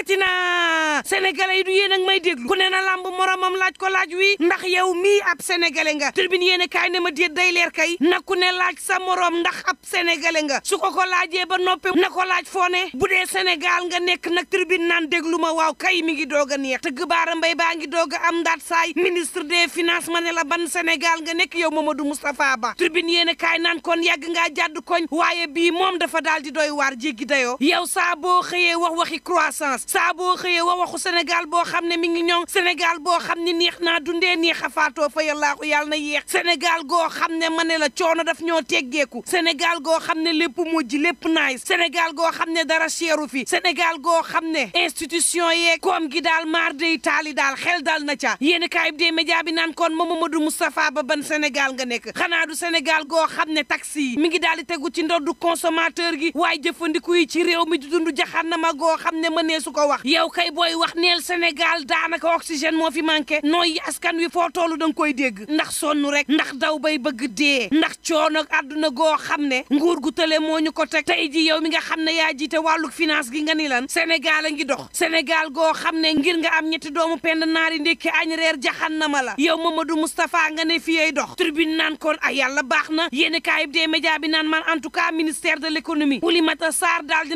yëkkati na sénégalais yi du yéen ak may déglu ku ne na làmb moromam laaj ko laaj wi ndax yow mii ab sénégalais nga tribune yéen kaay ne ma déet day leer kay na ku ne laaj sa morom ndax ab sénégalais nga su ko ko laajee ba noppi na ko laaj foo ne bu dee sénégal nga nekk nag tribune naan déglu ma waaw kay mi ngi doog a neex tëgg baara mbay baa ngi doog a am ndaat saay ministre des finances ma ne la ban senegal nga nekk yow Mamadou Moustapha Ba tribune yéen kaay nan kon yàgg ngaa jàdd koñ waaye bii moom dafa daal di doy waar jéggi dayoo yow saa boo xëyee wax waxi croissance saa boo xëyee wa waxu senegal boo xam ne mi ngi ñoŋ Sénégal boo xam ne neex naa dundee neex a faatoo fa yàllaahu yàlla na yéex senegal goo xam ne ma ne la coono dafa ñoo teggeeku Sénégal goo xam ne lépp mujj lépp naay Sénégal goo xam ne dara seeru fi Sénégal goo xam ne institution yeek koom gi daal maar day taali daal xel dal na ca yéen kaay bi dee média bi naan kon Mamadou Moustapha ba ban Sénégal nga nekk xanaa du Sénégal goo xam ne taxi yi mi ngi daal di tegu ci ndoddu consommateur gi waaye jëfandiku ci réew mi di dund jaxannama goo xam ne mënee su ko ko wax yow kay booy wax neel Sénégal daanaka oxygène moo fi manqué nooy askan wi foo toolu danga koy dégg ndax sonn rek ndax daw bay bëgg dee ndax coono àdduna goo xam ne nguur gu tële moo ñu ko teg tey ji yow mi nga xam ne yaa jiite wàllu finance gi nga ni lan Sénégal a ngi dox Sénégal goo xam ne ngir nga am ñetti doomu pend naari ndékki añ reer jaxannama la yow Mamadou Moustapha nga ne fiyey dox tribune naan kon ay ah, yàlla baax na yéeni kaayib des médias bi naan man en tout cas ministère de l'économie Oulimata Sarr daal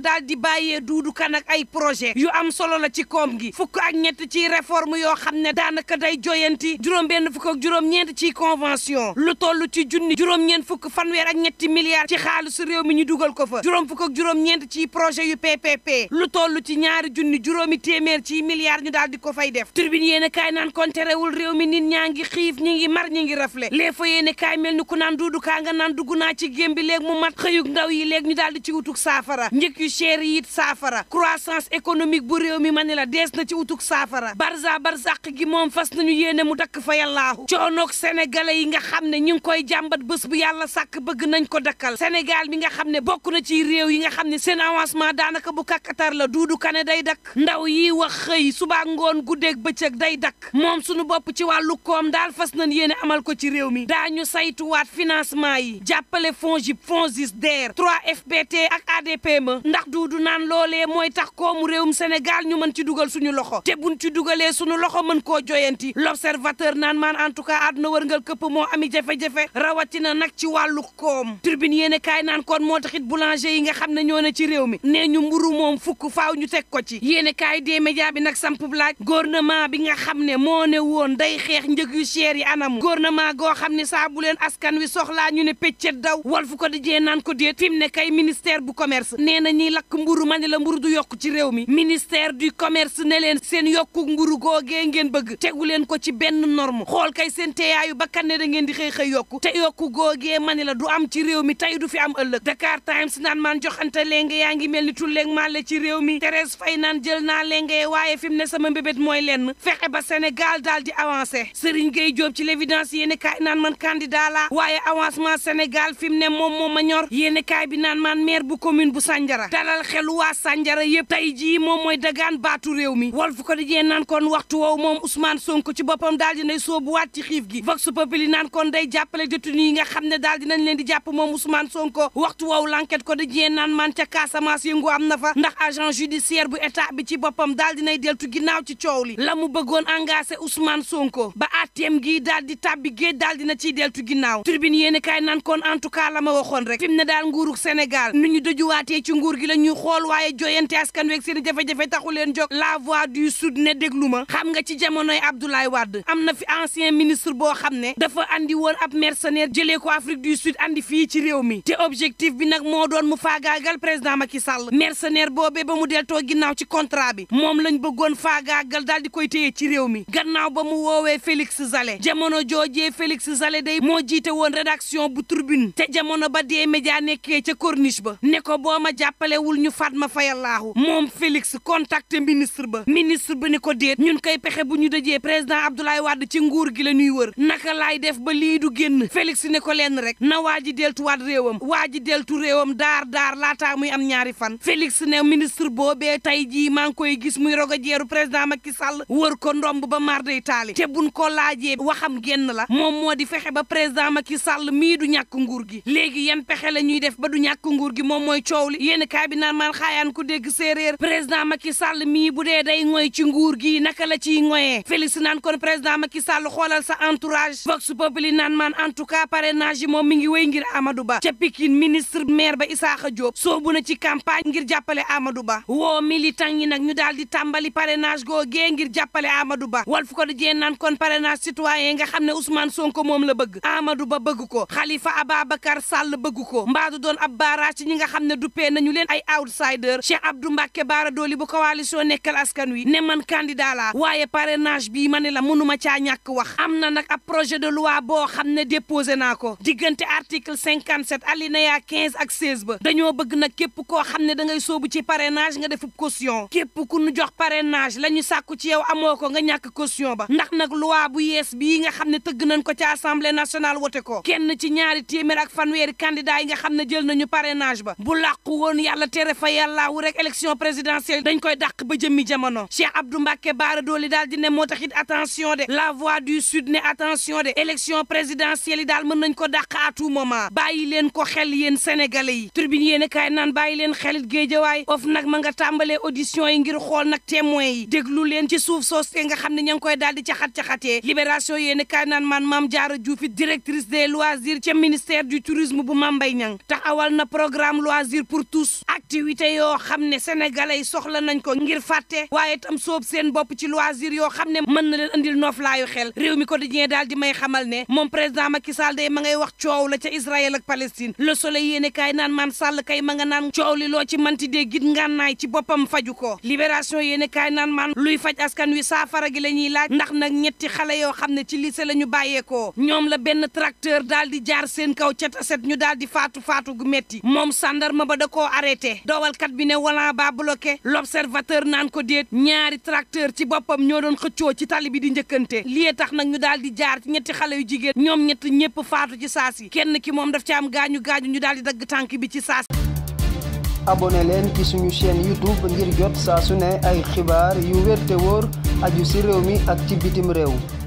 Ousmane daal di bàyyee duudu Kane ak ay projet yu am solo la ci koom gi fukk ak ñett ci réforme yoo xam ne daanaka day joyanti juróom-benn fukk ak juróom-ñeent ci convention lu toll ci junni juróom-ñeent fukk fanweer ak ñetti milliards ci xaalisu réew mi ñu dugal ko fa juróom fukk ak juróom ci projet yu PPP lu toll ci ñaari junni juróomi téeméer ci milliards ñu daal di ko fay def turbine yéen a kaay naan kon terewul réew mi nit ñaa ngi xiif ñi ngi mar ñi ngi rafle les fa yéen mel ni ku naan duudukaa nga naan dugg naa ci gém bi mu mat xëyug ndaw yi léegi ñu daal di ci wutug saafara njëkk cher yi it saafara croissance économique bu réew mi ma ni la dees na ci utug saafara barza barzaq gi moom fas nañu yéene mu dakk fa yàllaahu coonoog sénégalais yi nga xam ne ñu ngi koy jàmbat bés bu yàlla sàkk bëgg nañ ko dakkal sénégal mi nga xam ne bokk na ci réew yi nga xam ne seen avancement daanaka bu kàkkatar la duudu kane day dakk ndaw yi wax xëy subaa ngoon guddeeg bëccëg day dakk moom suñu bopp ci wàllu koom daal fas nañ yéene amal ko ci réew mi daañu saytuwaat financement yi jàppale FONGIP FONSIS DER 3FPT ak ADPME ndax duudu naan loolee mooy tax koomu réewum Sénégal ñu mën ci dugal suñu loxo te buñ ci dugalee suñu loxo mën koo joyanti l'observateur naan maan en tout cas àdduna wërngal këpp moo ami jafe-jafe rawatina nag ci wàllu koom turbine yéen kaay naan kon moo taxit boulanger yi nga xam ne ñoo ne ci réew mi nee ñu mburu moom fukk faaw ñu teg ko ci yéen kaay dee média bi nag samp laaj gouvernement bi nga xam ne moo ne woon day xeex njëg yu cher yi anamu gouvernement goo xam ne saa bu leen askan wi soxlaa ñu ne péccet daw wal fu ko dijee naan ko déet fi mu ne ministère bu commerce nee nañ ñiy lakk mburu ma la mburu du yokk ci réew mi ministère du commerce ne leen seen yokku mburu googee ngeen bëgg tegu leen ko ci benn norme xool kay seen teeyaayu bakkan ne da ngeen di xëy xëy yokku te yokku googee ma ne la du am ci réew mi tey du fi am ëllëg Dakar Times naan maan joxante lenge yaa ngi mel ni tulleeg màlle ci réew mi Thérèse Faye naan jël naa lenge waaye fi mu ne sama mbébét mooy lenn fexe ba senegal daal di avancé Serigne Gueye Diop ci l'évidence yéen kaay naan man candidat la waaye avancement Sénégal fi mu ne moom ma ñor yéen bi naan maan bu commune bu Sandiara dalal xelu waa Sandiara yëpp tey jii moom mooy dagaan baatu réew mi ko Quotidien naan kon waxtu woowu moom Ousmane Sonko ci boppam daal soobu waat ci xiif gi Vox Populi naan kon day jàppale détenu nii nga xam ne daal dinañ leen di jàpp moom Ousmane Sonko waxtu woowu L'Enquête Quotidien naan man ca Casamance yëngu am na fa ndax agent judiciaire bu état bi ci boppam daal dinay deltu ginnaaw ci coow li la mu bëggoon engagé Ousmane Sonko ba atteem gi daal di tàbbi géej daal dina ciy deltu ginnaaw tribune yéen kaay naan kon en tout cas la ma waxoon rek fi mu ne daal nu ñu dojuwaatee ci nguur gi la ñuy xool waaye jooyante askan weeg seen i jafe-jafe taxu leen jóg la voix sud ne déglu ma xam nga ci jamonoy Abdoulaye Wade am na fi ancien ministre boo xam ne dafa andi woon ab mercenaire jëlee ko Afrique du Sud andi fii ci réew mi te objectif bi nag moo doon mu faagaagal président Macky Sall mercenaire boobee ba mu deltoo ginnaaw ci contrat bi moom lañ bëggoon faagaagal daal di koy téye ci réew mi gannaaw ba mu woowee Félix Zale jamono joojee Félix Zale day moo jiite woon rédaction bu turbine te jamono ba dee média nekke ca corniche ba ne boo ma jàppale boolewul ñu Fatma Fayallaahu moom Félix contacté ministre ba ministre ba ni ko déet ñun koy pexe bu ñu dëjee président Abdoulaye Wade ci nguur gi la ñuy wër naka laay def ba lii du génn Félix ne ko lenn rek na waa ji deltuwaat réewam waa ji deltu réewam daar daar laata muy am ñaari fan Félix ne ministre boobe tey jii maa ngi koy gis muy rogo jeeru président Macky Sall wër ko ndomb ba maar day taali te buñ ko laajee waxam génn la moom moo di fexe ba président makki Sall mii du ñàkk nguur gi léegi yan pexe la ñuy def ba du ñàkk nguur gi moom mooy coow kaay bi naan maan xaayaan ku dégg séeréer président Macky Sall mii bu dee day ngoy ci nguur gi naka la ciy ngoyee Félix naan kon président Macky Sall xoolal sa entourage vox populi naan maan en tout cas parrainage yi moom mi ngi wéy ngir Amadou Ba ca Pikine ministre maire ba Isaaxa Diop soobu na ci campagne ngir jàppale Amadou Ba woo militant yi nag ñu daal di tàmbali goo gee ngir jàppale Amadou Ba Walf Quotidien naan kon parrainage citoyen nga xam ne Ousmane Sonko moom la bëgg Amadou Ba bëgg ko ko mbaa du doon ab barrage ci ñi nga xam ay outsider Cheikh Abdou Mbacke Baara Doli bu coalition nekkal askan wi ne man candidat laa waaye parrainage bii ma ne la mënuma caa ñàkk wax am na nag ab projet de loi boo xam ne déposé naa ko diggante article cinquante sept alinéa quinze ak seize ba dañoo bëgg nag képp koo xam ne da ngay soobu ci parrainage nga defub caution képp ku nu jox parrainage la ñu sàkku ci yow amoo ko nga ñàkk caution ba ndax nag loi bu yees bii nga xam ne tëgg nañ ko ci assemblée nationale wote ko kenn ci ñaari téeméer ak fanweeri candidat yi nga xam ne jël nañu parrainage ba bu làqu woon yàlla yàlla tere fa yàllaa wu rek élection présidentielle dañ koy dàq ba jëmmi jamono Cheikh Abdou Mbacke Baara Dooli daal di ne moo tax it attention de la voix du sud ne attention de élection présidentielle daal mën nañ ko dàq à tout bàyyi leen ko xel yéen sénégalais yi tribune yéen kaay naan bàyyi leen xelit géejawaay of nag ma nga tàmbalee audition yi ngir xool nag témoins yi déglu leen ci suuf soose nga xam ne ña ngi koy daal di caxat-caxatee libération yéen kaay naan man maam jaara juufi directrice des loisirs ca ministère du tourisme bu Mame Mbaye Niang taxawal na programme loisir pour tous activité yoo xam ne sénégalais yi soxla nañ ko ngir fàtte waaye tam soob seen bopp ci loisir yoo xam ne mën na leen andil nooflaayu xel réew mi quotidien daal di may xamal ne moom président Macky Sall day ma ngay wax coow la ca Israël ak Palestine le soleil yéene kaay naan maam sàll kay ma nga naan coow li loo ci manti dee git ngànnaay ci boppam faju ko libération yéene kaay naan maan luy faj askan wi saafara gi la ñuy laaj ndax nag ñetti xale yoo xam ne ci lycée la ñu bàyyeekoo ñoom la benn tracteur daal di jaar seen kaw ca taset ñu daal di faatu faatu gu metti moom sàndarma ba da koo arrêté arrêté bi ne volant ba bloqué l'observateur naan ko déet ñaari tracteur ci boppam ñoo doon xëccoo ci tali bi di njëkkante lii tax nag ñu daal di jaar ci ñetti xale yu jigéen ñoom ñett ñëpp faatu ci saasi kenn ki moom daf ci am gaañu gaañu ñu daal di dagg tànk bi ci saasi. abonné leen ci suñu chaîne youtube ngir jot saa su ne ay xibaar yu wér te wóor aju si réew mi ak ci bitim réew.